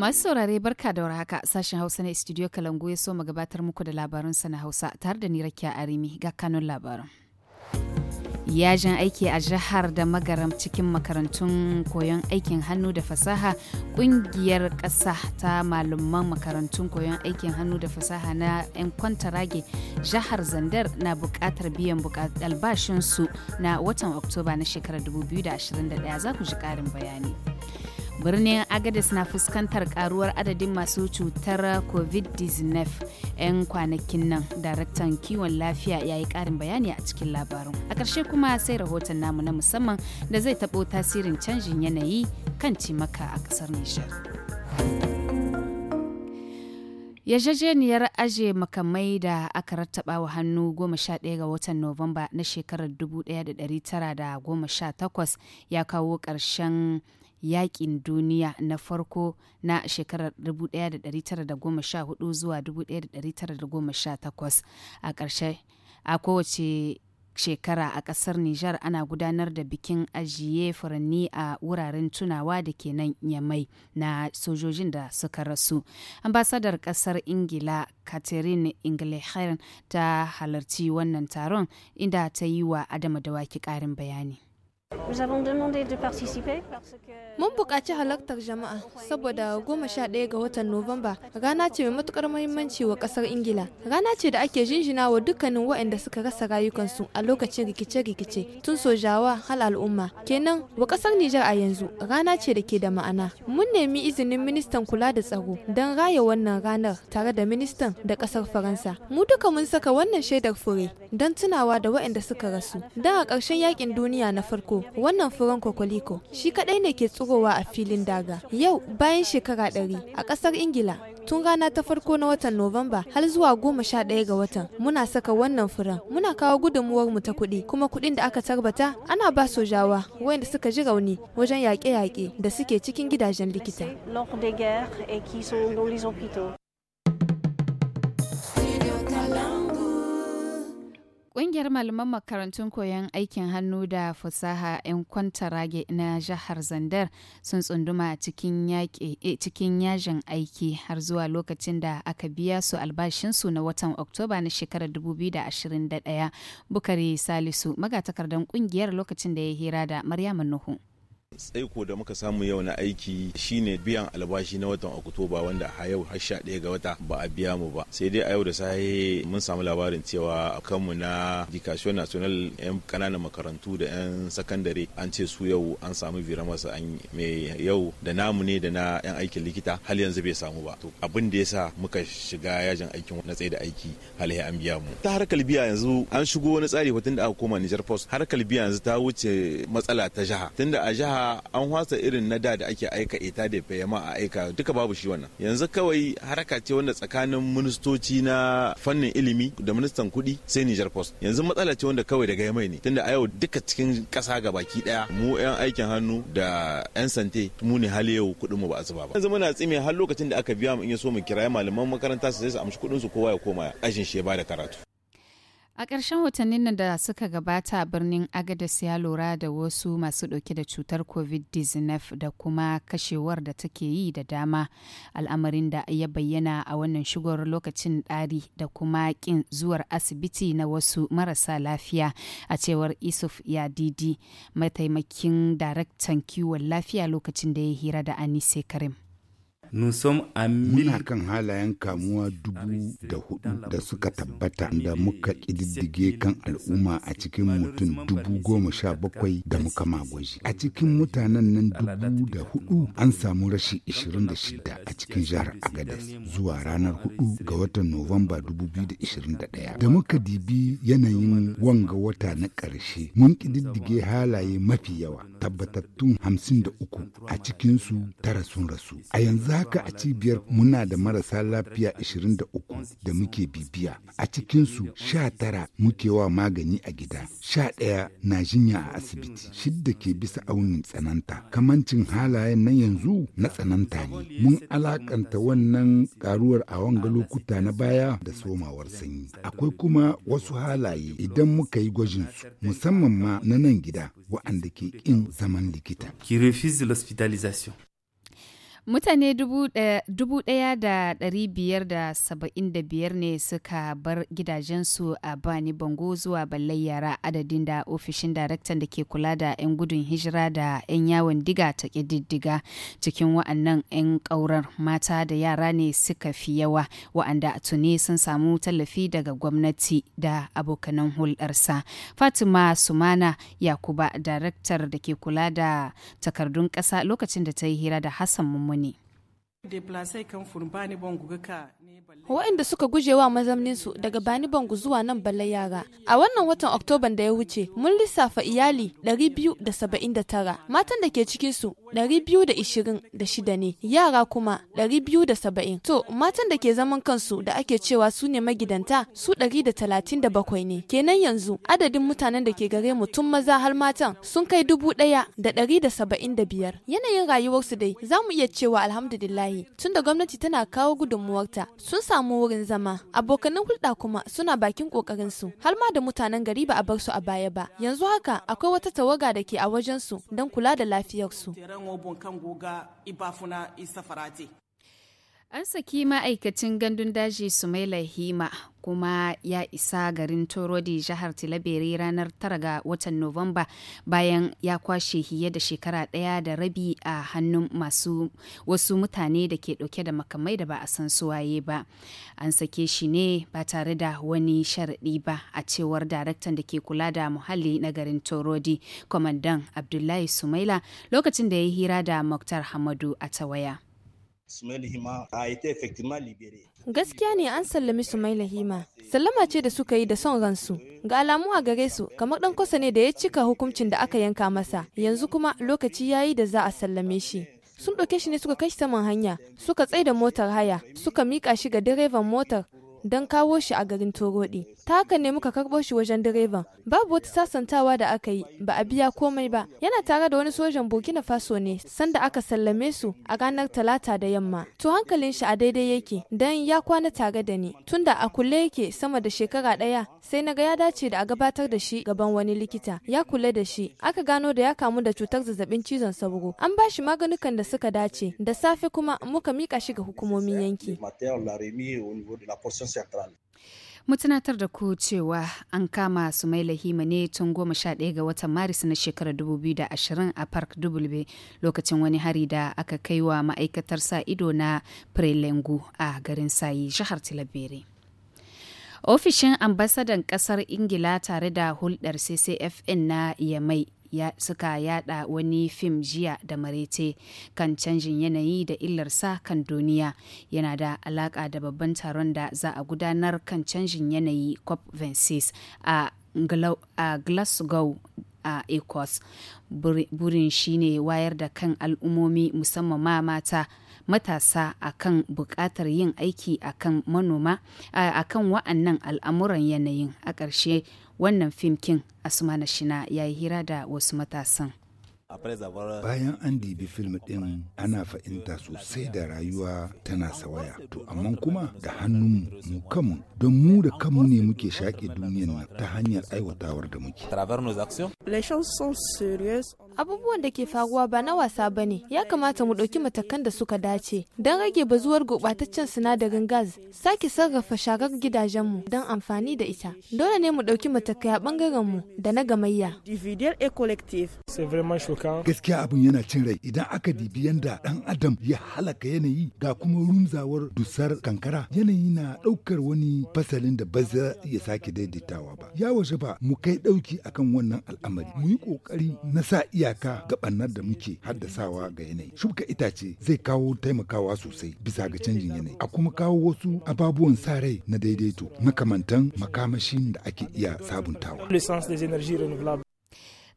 Masu saurare barka da warhaka sashen Hausa na Studio Kalangu ya so gabatar muku da labarin sana Hausa tare da ni a Arimi ga kanun labarin. Yajin aiki a jihar da magaram cikin makarantun koyon aikin hannu da fasaha kungiyar ƙasa ta malaman makarantun koyon aikin hannu da fasaha na 'yan kwantarage jihar Zandar na buƙatar biyan albashinsu na watan Oktoba na shekarar 2021 za ku ji ƙarin bayani. birnin agadis na fuskantar karuwar adadin masu cutar covid-19 'yan kwanakin nan daraktan kiwon lafiya ya yi karin bayani a cikin labarin a ƙarshe kuma sai rahoton namu na musamman da zai taɓo tasirin canjin yanayi kan cimaka a ƙasar nishar yarjejeniyar aje makamai da aka rattaba wa hannu 11 ga watan Nuwamba na shekarar 1918 ya kawo ƙarshen yakin duniya na farko na shekarar 1914 zuwa 1918 a ƙarshe a kowace shekara a ƙasar Nijar ana gudanar da bikin ajiye furanni a wuraren tunawa da ke nan yamai na sojojin da suka rasu. Ambasadar ƙasar Ingila Catherine Inglehern ta halarci wannan taron inda ta yi wa Adama Dawaki ƙarin bayani. Mun buƙaci halartar jama'a saboda goma sha ɗaya ga watan Nuwamba rana ce mai matuƙar muhimmanci wa ƙasar Ingila. Rana ce da ake jinjina wa dukkanin waɗanda suka rasa rayukansu a lokacin rikice-rikice tun sojawa hal al'umma. Kenan wa ƙasar Nijar a yanzu rana ce da ke da ma'ana. Mun nemi izinin ministan kula da tsaro don raya wannan ranar tare da ministan da ƙasar Faransa. Mu duka mun saka wannan shaidar fure don tunawa da waɗanda suka rasu. Don a ƙarshen yaƙin duniya na farko wannan furen kokoliko shi kadai ne ke tsurowa a filin daga. Yau bayan shekara ɗari a ƙasar Ingila tun rana ta farko na watan Nuwamba har zuwa goma sha ɗaya ga watan muna saka wannan furen muna kawo gudunmuwar mu ta kuɗi kuma kuɗin da aka tarbata ana ba sojawa wanda suka ji rauni wajen yaƙe-yaƙe da suke cikin gidajen likita. Ƙungiyar malaman makarantun koyon aikin hannu da fasaha 'yan kwanta rage na jihar Zandar sun tsunduma eh, cikin yajin aiki har zuwa lokacin da aka biya su albashinsu na watan Oktoba na shekarar 2021. Bukari Salisu magatakardan ƙungiyar lokacin da ya hira da Maryam Nuhu. tsaiko da muka samu yau na aiki shine biyan albashi na watan oktoba wanda a yau har sha ɗaya ga wata ba a biya mu ba sai dai a yau da sahi mun samu labarin cewa kanmu na education national yan kananan makarantu da yan sakandare an ce su yau an samu vira masa an mai yau da namu ne da na yan aikin likita hal yanzu bai samu ba to abin da yasa muka shiga yajin aikin na tsaye da aiki hal an biya mu ta harkar biya yanzu an shigo wani tsari tun da aka koma Niger Post harkar biya yanzu ta wuce matsala ta jiha tunda a jiha an hwasa irin na da da ake aika ita da fayama a aika duka babu shi wannan yanzu kawai haraka ce wanda tsakanin ministoci na fannin ilimi da ministan kuɗi sai Niger Post yanzu matsala ce wanda kawai daga yamai ne tunda a yau duka cikin ƙasa gabaki ɗaya mu 'yan aikin hannu da 'yan sante mu ne hali yau kudin mu ba a zuba ba yanzu muna tsime har lokacin da aka biya mu in ya so mu kiraye malaman makaranta su sai su amshi kuɗin su kowa ya koma ajin shi ya bada karatu A ƙarshen watannin da suka gabata a birnin Agadez ya lura da wasu masu ɗauke da cutar COVID-19 da kuma kashewar da take yi da dama al'amarin da ya bayyana a wannan shigar lokacin ɗari da kuma ƙin zuwar asibiti na wasu marasa lafiya a cewar Isuf Yadidi mataimakin daraktan kiwon lafiya lokacin da ya hira da Anise Karim. Nusom mil... Muna kan halayen kamuwa dubu da hudu da suka tabbata da muka ƙididdige kan al'umma a cikin mutum dubu goma sha bakwai da muka magwaji. A cikin mutanen nan dubu da hudu an samu rashi ishirin da shida a cikin jihar Agadez zuwa ranar hudu ga watan Nuwamba dubu biyu da ishirin da ɗaya. Da muka dibi yanayin wanga wata na karshe mun ƙididdige halaye mafi yawa tabbatattun hamsin da uku a cikinsu tara sun rasu. A yanzu haka a cibiyar muna da marasa lafiya 23 da muke bibiya. A cikinsu 19 muke wa magani a gida, 11 na jinya a asibiti, shidda ke bisa aunin tsananta. Kamancin halayen nan yanzu na tsananta ne. Mun alakanta wannan karuwar a wanga lokuta na baya da somawar sanyi. Akwai kuma wasu halaye idan muka yi gwajin su, musamman ma na nan gida, wa'anda ke ƙin zaman likita. Mutane dubu da da da dari biyar saba'in biyar ne suka bar gidajensu a Bani Bango zuwa Ballai Yara adadin da ofishin daraktan da ke kula da 'yan gudun hijira da 'yan yawon diga ta ƙididdiga cikin wa'annan 'yan ƙaurar mata da yara ne suka fi yawa wa'anda a tuni sun samu tallafi daga gwamnati da abokanan hulɗarsa. Fatima Sumana Yakuba daraktar da ke kula da takardun ƙasa lokacin da ta yi hira da Hassan Muhammad mu ne. Waɗanda suka guje wa mazamninsu daga Bani Bangu zuwa nan balle yara. A wannan watan Oktoban da ya wuce, mun lissafa iyali 279. Matan da ke cikinsu 226 ne, yara kuma biyu da saba'in. To, matan da ke zaman kansu da ake cewa su ne magidanta su bakwai ne. Kenan yanzu adadin mutanen da ke gare mu tun maza har matan sun kai dubu ɗaya da da da saba'in biyar. Yanayin rayuwarsu dai za mu iya cewa alhamdulillahi tun da gwamnati tana kawo gudunmuwarta sun samu wurin zama. Abokanan hulɗa kuma suna bakin ƙoƙarinsu har ma da mutanen gari ba a bar su a baya ba. Yanzu haka akwai wata tawaga da ke a wajensu don kula da lafiyarsu. ŋo bõn kan googa y baa i safara safarati An saki ma'aikacin gandun daji Sumaila Hima kuma ya isa garin Torodi jihar Tilabere ranar 9 ga watan Nuwamba bayan ya kwashe hiye da shekara ɗaya da rabi a hannun masu wasu mutane da ke ɗauke da makamai da ba a san suwaye ba. An sake shi ne ba tare da wani sharaɗi ba a cewar daraktan da ke kula da muhalli na garin Torodi, kwamandan Abdullahi Sumaila lokacin da ya hira da Muktar Hamadu a tawaya. Sumailahima a ita efektima libere. Gaskiya ne an sallami Sumailahima, Hima. Sallama ce da suka yi da son ransu. Ga alamu a gare su kamar ɗan kwasa ne da ya cika hukuncin da aka yanka masa. Yanzu kuma lokaci ya yi da za a sallame shi. Sun ɗauke shi ne suka kai saman hanya, suka tsaida motar haya, suka miƙa shi ga direban motar don kawo shi a garin Torodi. Ta haka ne muka karɓo shi wajen direban. Babu wata sasantawa da aka yi, ba a biya komai ba. Yana tare da wani sojan Burkina Faso ne, sanda aka sallame su a ranar Talata da yamma. To hankalin shi a daidai yake, don ya kwana tare da ni. Tunda a kulle yake sama da shekara ɗaya, sai na ga ya dace da a gabatar da shi gaban wani likita. Ya kula da shi, aka gano da ya kamu da cutar zazzabin cizon sauro. An ba shi maganukan da suka dace, da safe kuma muka mika shi ga hukumomin yanki. central mu da ku cewa an kama sumaila hima ne tun goma sha ɗaya ga watan maris na shekarar ashirin a park dubulbe lokacin wani hari da aka kai wa ma'aikatar sa ido na prelengu a garin sayi jihar tilabere ofishin ambasadan kasar ingila tare da hulɗar ccfn na yamai suka yada wani fim jiya da marete kan canjin yanayi da illarsa kan duniya yana da alaka da babban taron da za a gudanar kan canjin yanayi cop 26 a glasgow a ecos burin shine wayar da kan al'ummomi musamman ma mata matasa akan buƙatar yin aiki akan manoma akan wa'annan al'amuran yanayin a ƙarshe wannan fimkin asuma na shina ya yi hira da wasu matasan Bayan an dibi film ɗin ana fahimta sosai da rayuwa tana sawaya. To amma kuma da hannun mu kanmu don mu da kanmu ne muke shaƙe duniyar nan ta hanyar aiwatawar da muke. Abubuwan da ke faruwa ba na wasa ba ne, ya kamata mu ɗauki matakan da suka dace don rage bazuwar gurɓataccen sinadarin gas, sake sarrafa sharar gidajenmu don amfani da ita. Dole ne mu ɗauki matakai a ɓangarenmu da na gamayya. doka gaskiya abin yana cin rai idan aka dibi yanda ɗan adam ya halaka yanayi ga kuma runzawar dusar kankara yanayi na ɗaukar wani fasalin da ba za ya sake daidaitawa ba ya waje ba mu kai dauki akan wannan al'amari mu yi kokari na sa iyaka ga ɓannar da muke haddasawa ga yanayi shuka itace zai kawo taimakawa sosai bisa ga canjin yanayi a kuma kawo wasu ababuwan sa rai na daidaito makamantan makamashin da ake iya sabuntawa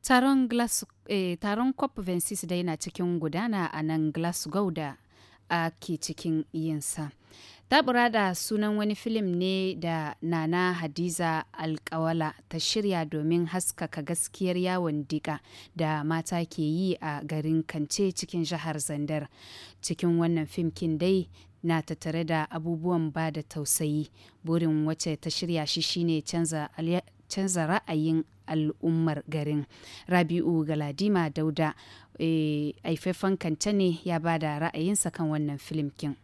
Eh, taron COP 26 da yana cikin gudana a nan Glasgow da ake cikin yinsa. ta da sunan wani filim ne da Nana Hadiza Alkawala ta shirya domin haskaka gaskiyar yawon diga da mata ke yi a garin Kance cikin jihar Zandar. Cikin wannan fim kin dai na tattare da abubuwan ba da tausayi. Burin wacce ta shirya shi shine canza ra'ayin al'ummar garin rabi'u galadima dauda e, kanta ne ya bada ra'ayinsa kan wannan filimkin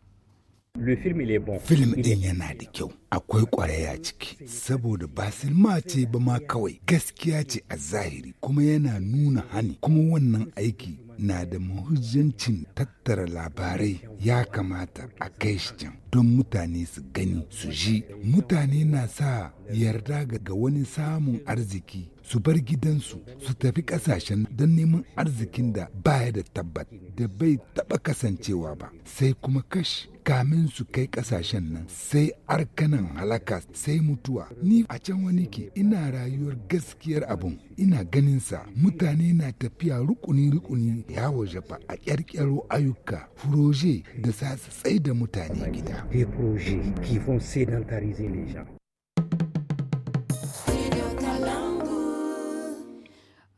Film ɗin yana da kyau, akwai ƙwaraya ciki, saboda ba silma ce ba ma kawai gaskiya ce a zahiri kuma yana nuna hani kuma wannan aiki na da mahujjancin tattara labarai ya kamata a kai shi can don mutane su gani su ji mutane na sa yarda ga wani samun arziki su bar gidansu su tafi ƙasashen don neman arzikin da baya da tabbat da bai taɓa kasancewa ba sai kuma kash kamin su kai kasashen nan sai arkanan halaka sai mutuwa ni a can wani ke ina rayuwar gaskiyar abun ina ganin sa. mutane na tafiya rukuni-rukuni waje ba a kyarkyaro ayyuka furoje da sa su da mutane gida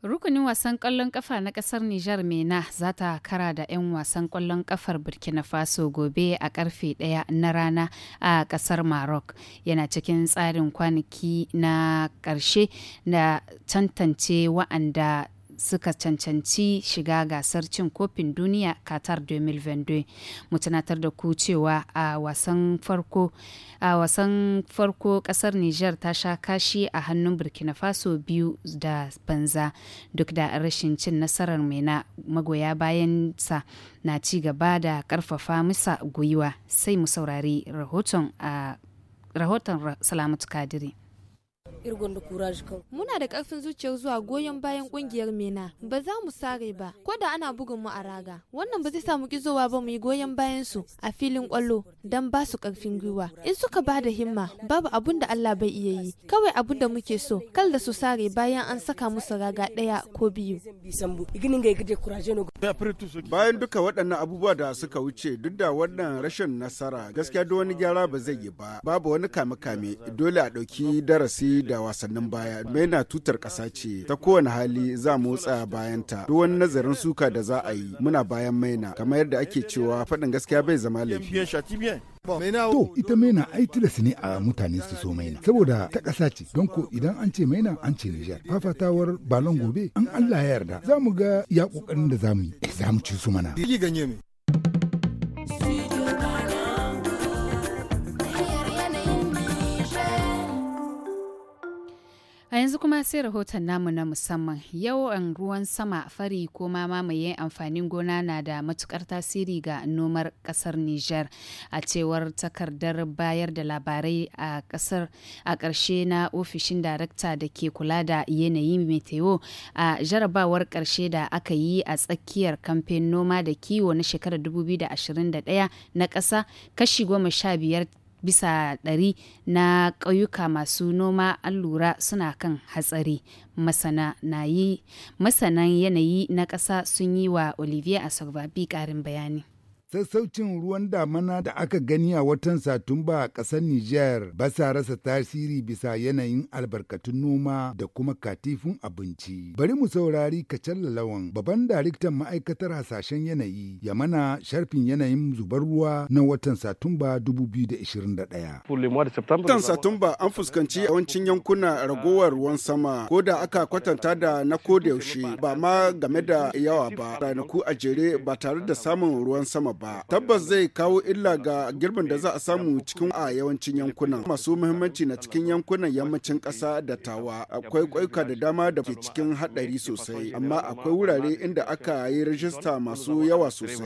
Rukunin wasan ƙwallon ƙafa na ƙasar Nijar Mena za ta kara da 'yan wasan ƙwallon ƙafar Burkina Faso gobe a ƙarfe ɗaya na rana a ƙasar Maroc. Yana cikin tsarin kwanaki na ƙarshe na tantance wa'anda suka cancanci shiga gasar cin kofin duniya qatar 2022 mu tunatar da ku cewa a wasan farko a wasan farko kasar niger ta sha kashi a hannun burkina faso biyu da banza duk da rashin cin nasarar mai na magoya bayan sa na ci gaba da karfafa masa gwiwa sai mu saurari rahoton salamatu kadiri irgon da kuraji kawai. muna da ƙarfin zuciyar zuwa goyon bayan ƙungiyar mena ba za mu sare ba ko da ana bugun mu a raga wannan ba zai sa mu kizowa ba mu yi goyon bayan su a filin kwallo dan ba su karfin gwiwa in suka ba da himma babu abun da Allah bai iya yi kawai abun da muke so kal da su sare bayan an saka musu raga daya ko biyu bayan duka waɗannan abubuwa da suka wuce duk da wannan rashin nasara gaskiya duk wani gyara ba zai yi ba babu wani kame-kame dole a ɗauki darasi da ga wasannin baya na tutar ƙasa ce ta kowane hali za mu tsaya bayan ta duk wani nazarin suka da za a yi muna bayan maina kamar yadda ake cewa faɗin gaskiya bai zama laifi To ita maina ai tilasi ne a mutane su so maina saboda ta ƙasa ce don ko idan an ce maina an ce Nijar fafatawar balon gobe an Allah ya yarda za mu ga ya ƙoƙarin da za mu yi eh, za mu ci su mana. yanzu kuma sai rahoton namu na musamman yawan um, ruwan sama fari ko ma mamaye amfanin gona na da matukar tasiri ga nomar kasar niger a cewar takardar bayar da labarai a kasar a ƙarshe na ofishin darakta da ke kula da yanayi meteo a jarabawar ƙarshe da aka yi a tsakiyar kamfen noma da kiwo na shekarar 2021 na ƙasa kashi goma sha biyar bisa ɗari na ƙauyuka masu noma an lura suna kan hatsari masana na yi masanan yanayi na ƙasa sun yi wa olivier asorbabi ƙarin bayani Sassaucin ruwan damana da aka gani a watan Satumba a ƙasar Nijar ba sa rasa tasiri bisa yanayin albarkatun noma da kuma katifin abinci. Bari mu saurari kacal lalawan babban daliktan ma'aikatar hasashen yanayi ya mana sharfin yanayin zubar ruwa na watan Satumba 2021. Watan Satumba an fuskanci yawancin yankuna ragowar ruwan sama ko da aka kwatanta da na yaushe ba ma game da yawa ba ranaku a jere ba tare da samun ruwan sama ba. ba tabbas zai kawo illa ga girbin da za a samu cikin a yawancin yankunan masu muhimmanci na cikin yankunan yammacin ƙasa da tawa akwai kwaika da dama da ke cikin haɗari sosai amma akwai wurare inda aka yi rajista masu yawa sosai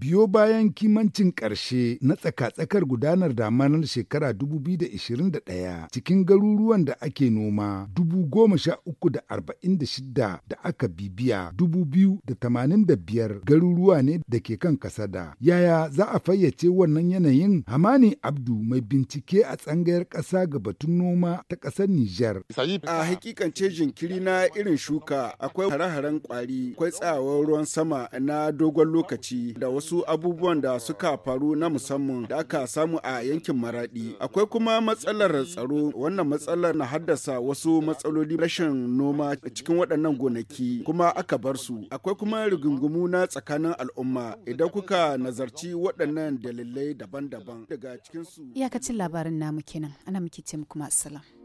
biyo bayan kimancin ƙarshe na tsaka-tsakar gudanar damanar shekara 2021 cikin garuruwan da ake noma 10,346 da aka bibiya 2,085 garuruwa ne da ke kan ƙasa sada Yaya za a fayyace wannan yanayin? Hamani Abdu mai bincike a tsangayar ƙasa ga batun noma ta ƙasar Nijar. A hakikance jinkiri na irin shuka akwai hare-haren kwari, akwai tsawon ruwan sama na dogon lokaci da wasu abubuwan da suka faru na musamman da aka samu a yankin Maradi. Akwai kuma matsalar tsaro, wannan matsalar na haddasa wasu matsaloli rashin noma cikin waɗannan gonaki kuma aka bar su. Akwai kuma rigungumu na tsakanin al'umma idan kuka muka nazarci waɗannan dalilai daban-daban daga cikinsu. Iyakacin labarin namu kenan, ana muke ce muku masu salam.